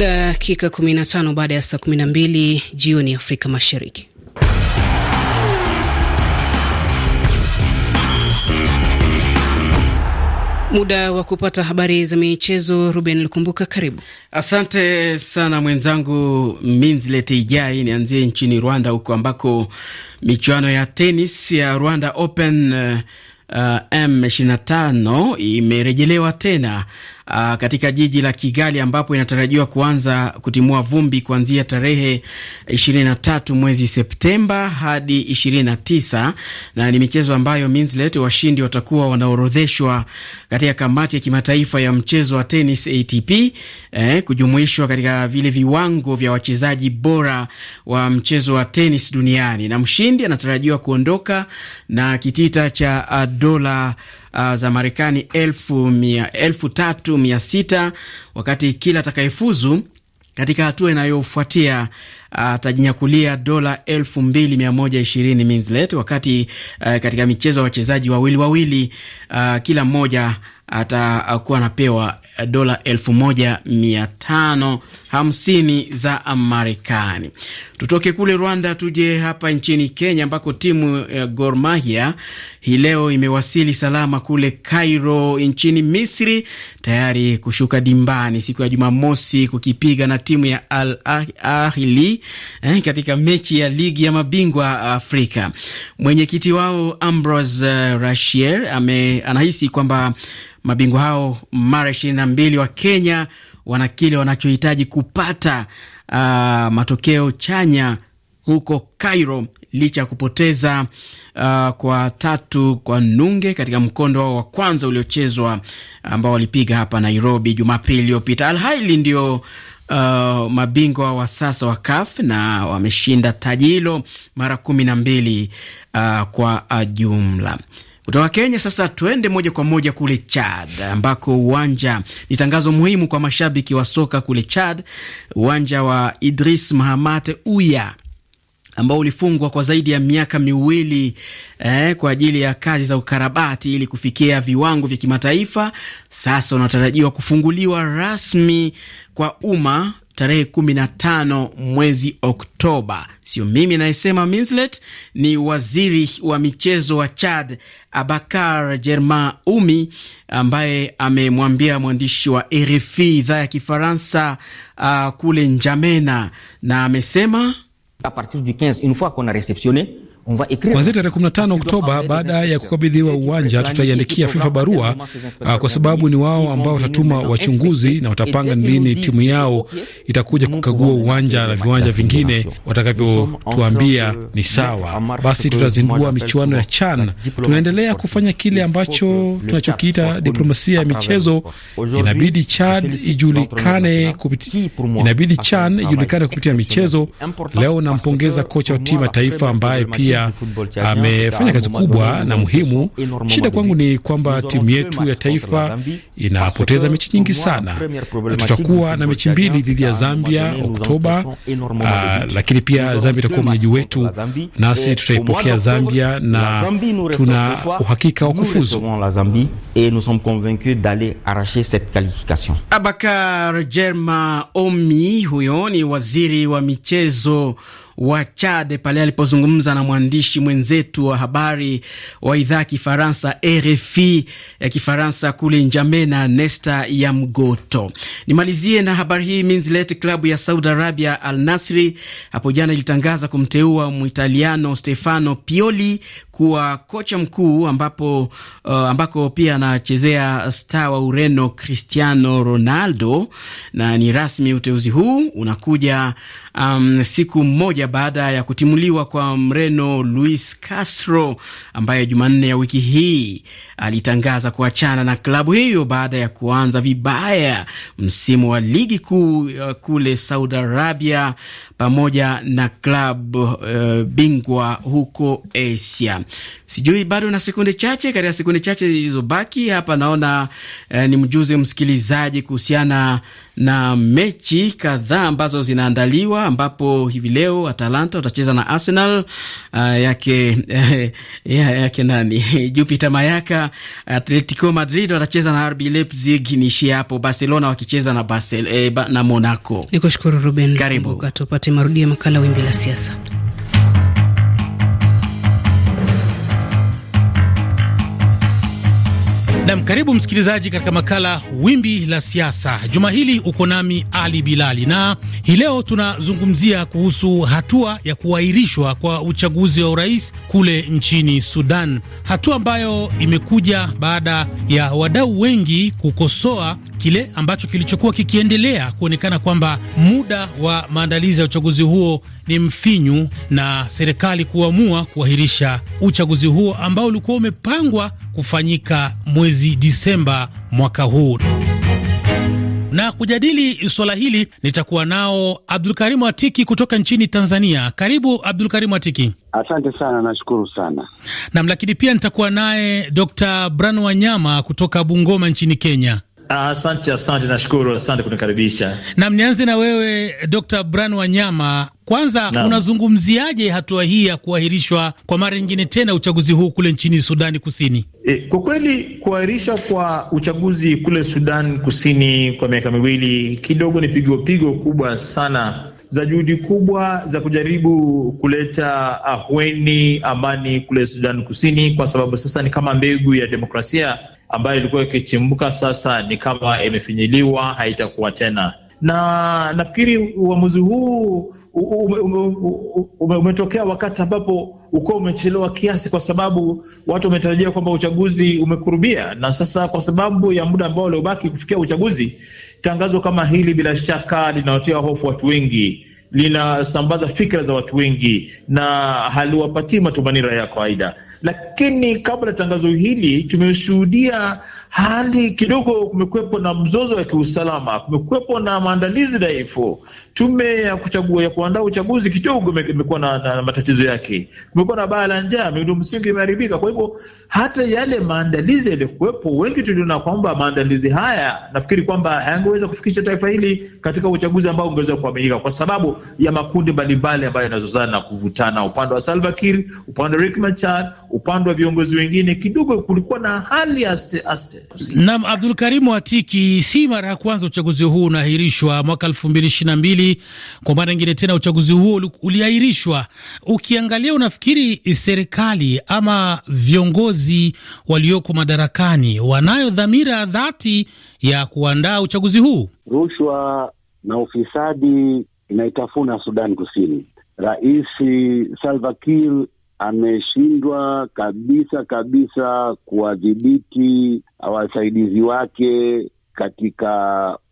Dakika 15 baada ya saa 12 jioni Afrika Mashariki. Muda wa kupata habari za michezo. Ruben Lukumbuka, karibu. Asante sana mwenzangu Minslet Ijai. Nianzie nchini Rwanda, huko ambako michuano ya tenis ya Rwanda Open uh, eh, eh, M25 imerejelewa tena aa, ah, katika jiji la Kigali ambapo inatarajiwa kuanza kutimua vumbi kuanzia tarehe 23 mwezi Septemba hadi 29, na ni michezo ambayo Minslet, washindi watakuwa wanaorodheshwa katika kamati ya kimataifa ya mchezo wa tenis ATP, eh, kujumuishwa katika vile viwango vya wachezaji bora wa mchezo wa tenis duniani, na mshindi anatarajiwa kuondoka na kitita cha dola uh, za Marekani elfu, mia, elfu tatu mia sita wakati kila atakayefuzu katika hatua inayofuatia ah, atajinyakulia uh, dola elfu mbili mia moja ishirini minslete wakati uh, katika michezo ya wachezaji wawili wawili uh, kila mmoja atakuwa anapewa Eh, dola hamsini za Marekani. Tutoke kule Rwanda tuje hapa nchini Kenya ambako timu ya Gor Mahia hii leo imewasili salama kule Cairo nchini Misri, tayari kushuka dimbani siku ya Jumamosi kukipiga na timu ya Al Ahli eh, katika mechi ya ligi ya mabingwa Afrika. Mwenyekiti wao Ambrose eh, Rashier ame anahisi kwamba Mabingwa hao mara ishirini na mbili wa Kenya wana kile wanachohitaji kupata uh, matokeo chanya huko Cairo licha ya kupoteza uh, kwa tatu kwa nunge katika mkondo wao wa kwanza uliochezwa ambao walipiga hapa Nairobi Jumapili iliyopita. Al Ahly ndio uh, mabingwa wa sasa wa CAF na wameshinda taji hilo mara kumi na mbili uh, kwa uh, jumla. Kutoka Kenya sasa tuende moja kwa moja kule Chad, ambako uwanja ni tangazo muhimu kwa mashabiki wa soka kule Chad. Uwanja wa Idris Mahamat Uya ambao ulifungwa kwa zaidi ya miaka miwili eh, kwa ajili ya kazi za ukarabati ili kufikia viwango vya kimataifa, sasa unatarajiwa kufunguliwa rasmi kwa umma tarehe 15 mwezi Oktoba. Sio mimi nayesema Minslet, ni waziri wa michezo wa Chad Abakar Germain Umi ambaye amemwambia mwandishi wa RFI idhaa ya Kifaransa uh, kule Njamena, na amesema a partir du 15 une fois qu'on a receptionne Kuanzia tarehe 15 Oktoba, baada ya kukabidhiwa uwanja, tutaiandikia FIFA barua ah, kwa sababu ni wao ambao watatuma wachunguzi na watapanga ni lini timu yao itakuja kukagua uwanja na viwanja vingine watakavyotuambia ni sawa. Basi tutazindua michuano ya CHAN. Tunaendelea kufanya kile ambacho tunachokiita diplomasia ya michezo. Inabidi Chad ijulikane inabidi CHAN ijulikane kupitia michezo. Leo nampongeza kocha wa timu ya taifa ambaye pia pia amefanya kazi kubwa na muhimu. Shida kwangu ni kwamba timu yetu ya taifa inapoteza mechi nyingi sana. Tutakuwa na mechi mbili dhidi ya Zambia Oktoba, ah, lakini pia Zambia itakuwa mwenyeji wetu, nasi eh, tutaipokea Zambia na tuna uhakika wa kufuzu. Abakar Jerma Omi, huyo ni waziri wa michezo wa Chad pale alipozungumza na mwandishi mwenzetu wa habari wa idhaa ya Kifaransa RFI ya Kifaransa kule Njamena, Nesta ya Mgoto. Nimalizie na habari hii minzilete. Klabu ya Saudi Arabia Al Nasri hapo jana ilitangaza kumteua Mwitaliano Stefano Pioli kuwa kocha mkuu ambapo, uh, ambako pia anachezea star wa Ureno Cristiano Ronaldo, na ni rasmi uteuzi huu unakuja um, siku moja baada ya kutimuliwa kwa Mreno Luis Castro ambaye Jumanne ya wiki hii alitangaza kuachana na klabu hiyo baada ya kuanza vibaya msimu wa ligi kuu uh, kule Saudi Arabia pamoja na klabu uh, bingwa huko Asia. Sijui bado na sekunde chache, katika sekunde chache zilizobaki hapa, naona eh, ni mjuze msikilizaji kuhusiana na mechi kadhaa ambazo zinaandaliwa, ambapo hivi leo Atalanta watacheza na Arsenal. Uh, yake eh, ya, yake nani Jupiter Mayaka. Atletico Madrid watacheza na RB Leipzig, niishie hapo. Barcelona wakicheza na Basel, eh, na Monaco. Nikushukuru Ruben, karibu tupate marudio ya makala wimbi la siasa. Nam, karibu msikilizaji katika makala Wimbi la Siasa. Juma hili uko nami Ali Bilali, na hii leo tunazungumzia kuhusu hatua ya kuahirishwa kwa uchaguzi wa urais kule nchini Sudan, hatua ambayo imekuja baada ya wadau wengi kukosoa kile ambacho kilichokuwa kikiendelea kuonekana kwamba muda wa maandalizi ya uchaguzi huo ni mfinyu na serikali kuamua kuahirisha uchaguzi huo ambao ulikuwa umepangwa kufanyika mwezi mwezi Disemba mwaka huu. Na kujadili swala hili nitakuwa nao Abdulkarimu Atiki kutoka nchini Tanzania. Karibu Abdulkarimu Atiki. Asante sana, nashukuru sana nam. Lakini pia nitakuwa naye Dr Bran Wanyama kutoka Bungoma nchini Kenya. Asante, asante, nashukuru, asante kunikaribisha. Nam, nianze na wewe Dr. Bran Wanyama. Kwanza na, unazungumziaje hatua hii ya kuahirishwa kwa mara nyingine tena uchaguzi huu kule nchini Sudani Kusini? E, kwa kweli kuahirishwa kwa uchaguzi kule Sudan Kusini kwa miaka miwili kidogo ni pigo pigo kubwa sana za juhudi kubwa za kujaribu kuleta ahweni amani kule Sudan Kusini, kwa sababu sasa ni kama mbegu ya demokrasia ambayo ilikuwa ikichimbuka, sasa ni kama imefinyiliwa, haitakuwa tena. Na nafikiri uamuzi huu ume, ume, ume, umetokea wakati ambapo ukuwa umechelewa kiasi, kwa sababu watu wametarajia kwamba uchaguzi umekurubia, na sasa kwa sababu ya muda ambao uliobaki kufikia uchaguzi Tangazo kama hili bila shaka linawatia hofu watu wengi, linasambaza fikra za watu wengi na haliwapatii matumaini raia ya kawaida. Lakini kabla ya tangazo hili tumeshuhudia hali kidogo kumekuwepo na mzozo wa kiusalama, kumekuwepo na maandalizi dhaifu. Tume ya kuchagua ya kuandaa uchaguzi kidogo imekuwa na, na na matatizo yake, kumekuwa na baa la njaa, miundo msingi imeharibika. Kwa hivyo hata yale maandalizi yaliyokuwepo, wengi tuliona kwamba maandalizi haya, nafikiri kwamba hayangeweza kufikisha taifa hili katika uchaguzi ambao ungeweza kuaminika, kwa sababu ya makundi mbalimbali ambayo yanazozana na kuvutana, upande wa Salva Kiir, upande wa Riek Machar, upande wa viongozi wengine. Kidogo kulikuwa na hali aste aste Naam, Abdul Karimu Atiki, si mara ya kwanza uchaguzi huu unaahirishwa. Mwaka elfu mbili ishirini na mbili kwa mara nyingine tena uchaguzi huo uliahirishwa. Ukiangalia, unafikiri serikali ama viongozi walioko madarakani wanayo dhamira dhati ya kuandaa uchaguzi huu? Rushwa na ufisadi inaitafuna Sudan Kusini. Rais Salva Kiir ameshindwa kabisa kabisa kuwadhibiti wasaidizi wake katika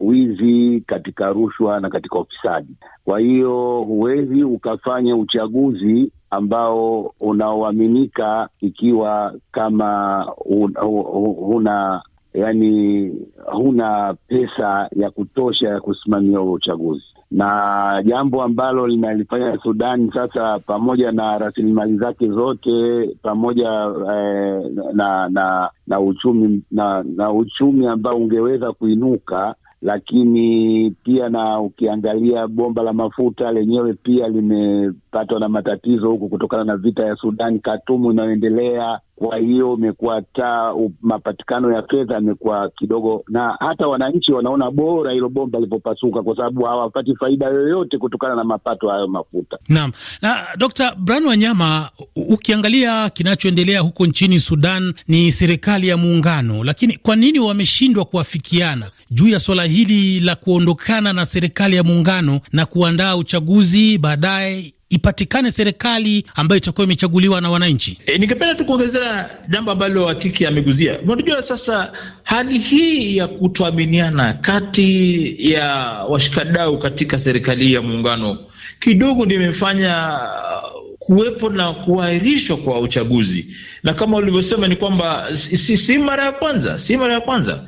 wizi, katika rushwa na katika ufisadi. Kwa hiyo huwezi ukafanya uchaguzi ambao unaoaminika ikiwa kama huna yani huna pesa ya kutosha ya kusimamia huo uchaguzi, na jambo ambalo linalifanya Sudani sasa, pamoja na rasilimali zake zote pamoja eh, na na na uchumi na, na uchumi ambao ungeweza kuinuka lakini pia na ukiangalia bomba la mafuta lenyewe pia limepatwa na matatizo huku kutokana na vita ya sudani Katumu inayoendelea kwa hiyo imekuwa taa mapatikano ya fedha yamekuwa kidogo, na hata wananchi wanaona bora hilo bomba lilipopasuka, kwa sababu hawapati faida yoyote kutokana na mapato hayo mafuta. Naam. Na Dr. bran Wanyama, ukiangalia kinachoendelea huko nchini Sudan ni serikali ya muungano, lakini kwa nini wameshindwa kuafikiana juu ya swala hili la kuondokana na serikali ya muungano na kuandaa uchaguzi baadaye ipatikane serikali ambayo itakuwa imechaguliwa na wananchi. E, ningependa tu kuongezea jambo ambalo Watiki ameguzia. Unajua, sasa hali hii ya kutoaminiana kati ya washikadau katika serikali ya muungano kidogo imefanya uh, kuwepo na kuahirishwa kwa uchaguzi, na kama ulivyosema ni kwamba si, si mara ya kwanza, si mara ya kwanza.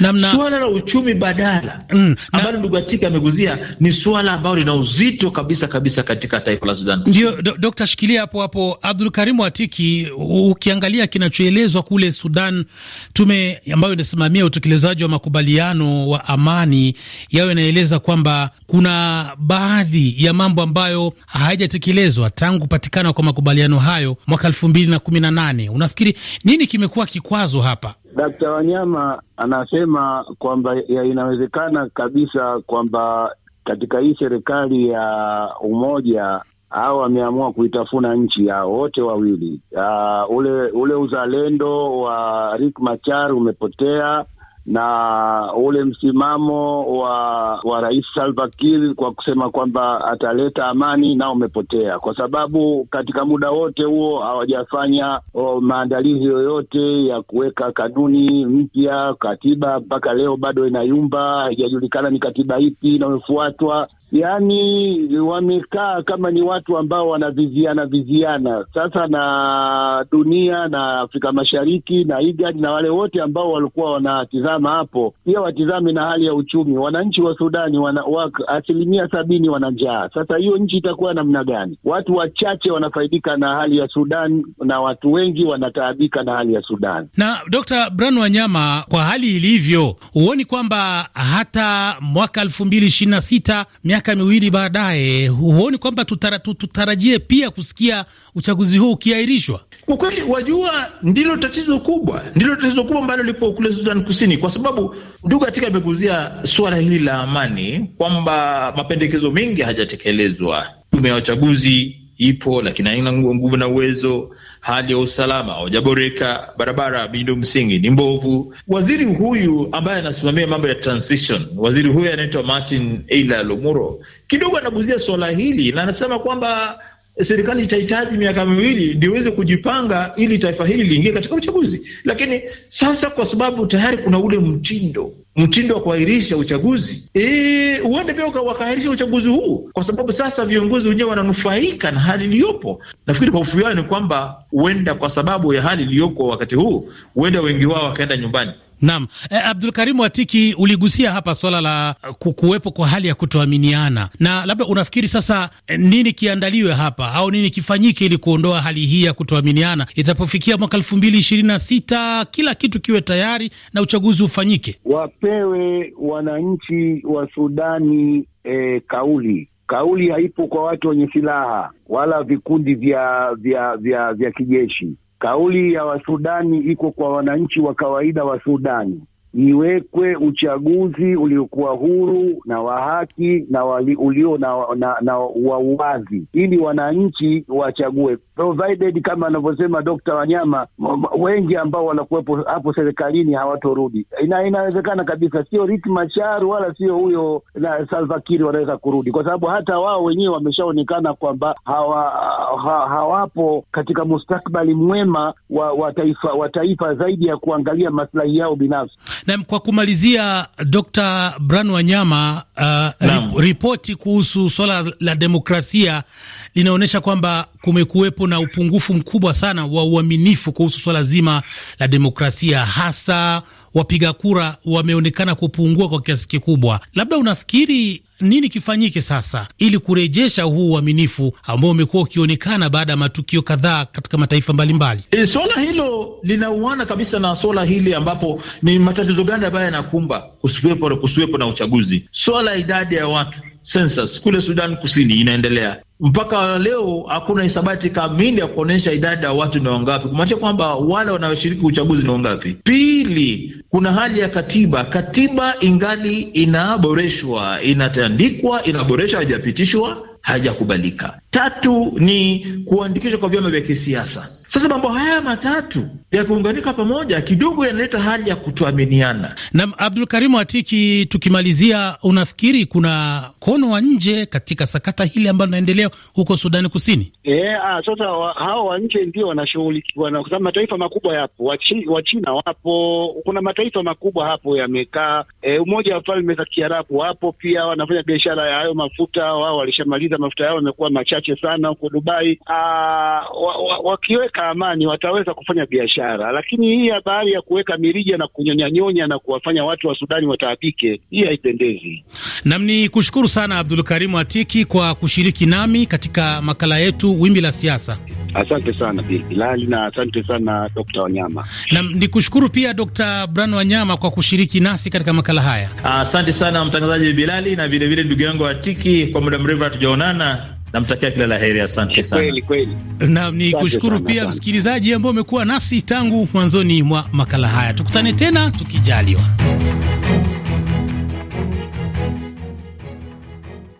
Namna... swala la uchumi badala mm, ambalo ndugu Atika ameguzia ni swala ambalo lina uzito kabisa kabisa katika taifa la Sudan. Ndio Dr. shikilia hapo hapo, Abdul Karimu Atiki, ukiangalia kinachoelezwa kule Sudan, tume ambayo inasimamia utekelezaji wa makubaliano wa amani yao inaeleza kwamba kuna baadhi ya mambo ambayo hayajatekelezwa tangu kupatikana kwa makubaliano hayo mwaka elfu mbili na kumi na nane. Unafikiri nini kimekuwa kikwazo hapa? Dakta Wanyama anasema kwamba inawezekana kabisa kwamba katika hii serikali ya umoja hao wameamua kuitafuna nchi yao wote wawili. Uh, ule ule uzalendo wa rik Machar umepotea na ule msimamo wa wa Rais Salva Kiir kwa kusema kwamba ataleta amani nao umepotea, kwa sababu katika muda wote huo hawajafanya maandalizi yoyote ya kuweka kanuni mpya. Katiba mpaka leo bado inayumba, haijajulikana ni katiba ipi inayofuatwa yaani wamekaa kama ni watu ambao wanaviziana viziana sasa, na dunia na Afrika Mashariki na IGAD na wale wote ambao walikuwa wanatizama hapo, pia watizame na hali ya uchumi. Wananchi wa Sudani wana, asilimia sabini wana njaa. Sasa hiyo nchi itakuwa namna gani? Watu wachache wanafaidika na hali ya Sudan na watu wengi wanataabika na hali ya Sudan. Na Dr. Brian Wanyama, kwa hali ilivyo, huoni kwamba hata mwaka elfu mbili ishirini na sita miaka miwili baadaye, huoni kwamba tutara, tutarajie pia kusikia uchaguzi huu ukiahirishwa? Kwa kweli, wajua, ndilo tatizo kubwa, ndilo tatizo kubwa ambalo lipo kule Sudan Kusini, kwa sababu ndugu atika ameguzia suala hili la amani, kwamba mapendekezo mengi hajatekelezwa. Tume ya uchaguzi ipo, lakini haina nguvu na uwezo. Hali ya usalama haujaboreka, barabara miundo msingi ni mbovu. Waziri huyu ambaye anasimamia mambo ya transition, waziri huyu anaitwa Martin Eila Lomuro, kidogo anaguzia swala hili na anasema kwamba serikali itahitaji miaka miwili ndio iweze kujipanga ili taifa hili liingie katika uchaguzi. Lakini sasa kwa sababu tayari kuna ule mtindo mtindo wa kuahirisha uchaguzi huende e, pia wakaahirisha uchaguzi huu kwa sababu sasa viongozi wenyewe wananufaika na hali iliyopo. Nafikiri kwa ufuani ni kwamba huenda kwa sababu ya hali iliyoko wakati huu, huenda wengi wao wakaenda nyumbani. Naam, e, Abdul Karimu Atiki, uligusia hapa swala la eh, kuwepo kwa hali ya kutoaminiana, na labda unafikiri sasa e, nini kiandaliwe hapa au nini kifanyike ili kuondoa hali hii ya kutoaminiana itapofikia mwaka elfu mbili ishirini na sita kila kitu kiwe tayari na uchaguzi ufanyike? Wapewe wananchi wa Sudani e, kauli kauli haipo kwa watu wenye silaha wala vikundi vya vya vya, vya kijeshi. Kauli ya Wasudani iko kwa wananchi wa kawaida wa Sudani iwekwe uchaguzi uliokuwa huru na wa haki na wali, ulio na, na, na wa uwazi, ili wananchi wachague provided, kama anavyosema Dokta Wanyama, wengi ambao wanakuwepo hapo serikalini hawatorudi. Ina, inawezekana kabisa, sio Riek Machar wala sio huyo na Salva Kiir wanaweza kurudi, kwa sababu hata wao wenyewe wameshaonekana kwamba hawa, ha, hawapo katika mustakbali mwema wa, wa taifa wa taifa zaidi ya kuangalia maslahi yao binafsi. Na kwa kumalizia, Dr. bran Wanyama, uh, rip, ripoti kuhusu swala la demokrasia linaonyesha kwamba kumekuwepo na upungufu mkubwa sana wa uaminifu kuhusu swala zima la demokrasia hasa wapiga kura wameonekana kupungua kwa kiasi kikubwa. Labda unafikiri nini kifanyike sasa ili kurejesha huu uaminifu ambao umekuwa ukionekana baada ya matukio kadhaa katika mataifa mbalimbali? E, swala hilo linauana kabisa na swala hili ambapo ni matatizo gani ambayo yanakumba kusiwepo, kusiwepo na uchaguzi. Swala ya idadi ya watu census kule Sudan Kusini inaendelea mpaka leo hakuna hisabati kamili ya kuonyesha idadi ya watu ni wangapi, kumaanisha kwamba wale wanaoshiriki uchaguzi ni wangapi. Pili, kuna hali ya katiba. Katiba ingali inaboreshwa, inatandikwa, inaboreshwa, haijapitishwa, haijakubalika Tatu ni kuandikishwa kwa vyama vya kisiasa. Sasa mambo haya matatu ya kuunganika pamoja kidogo yanaleta hali ya kutuaminiana. Na Abdul Karimu Atiki, tukimalizia, unafikiri kuna mkono wa nje katika sakata hili ambalo linaendelea huko Sudani Kusini? Yeah, eh, sasa hao wa nje ndio wanashughulikiwa na, kwa sababu mataifa makubwa yapo, Wachina wapo, kuna mataifa makubwa hapo yamekaa. E, Umoja wa Falme za Kiarabu wapo pia, wanafanya biashara ya hayo mafuta, wao walishamaliza mafuta yao, wamekuwa machache wachache sana huko Dubai wakiweka ah, wa, wa amani wataweza kufanya biashara, lakini hii habari ya kuweka mirija na kunyonyanyonya na kuwafanya watu wa Sudani wataabike, hii haipendezi. Nam ni kushukuru sana Abdul Karim Atiki kwa kushiriki nami katika makala yetu Wimbi la Siasa. Asante sana Bilali na asante sana Dr. Wanyama. Nam ni kushukuru pia Dr. Bran Wanyama kwa kushiriki nasi katika makala haya. Asante sana mtangazaji Bilali na vilevile ndugu yangu Atiki, kwa muda mrefu hatujaonana namtakia kila la heri. Asante sana. nam, ni kushukuru pia msikilizaji ambaye umekuwa nasi tangu mwanzoni mwa makala haya. Tukutane tena tukijaliwa.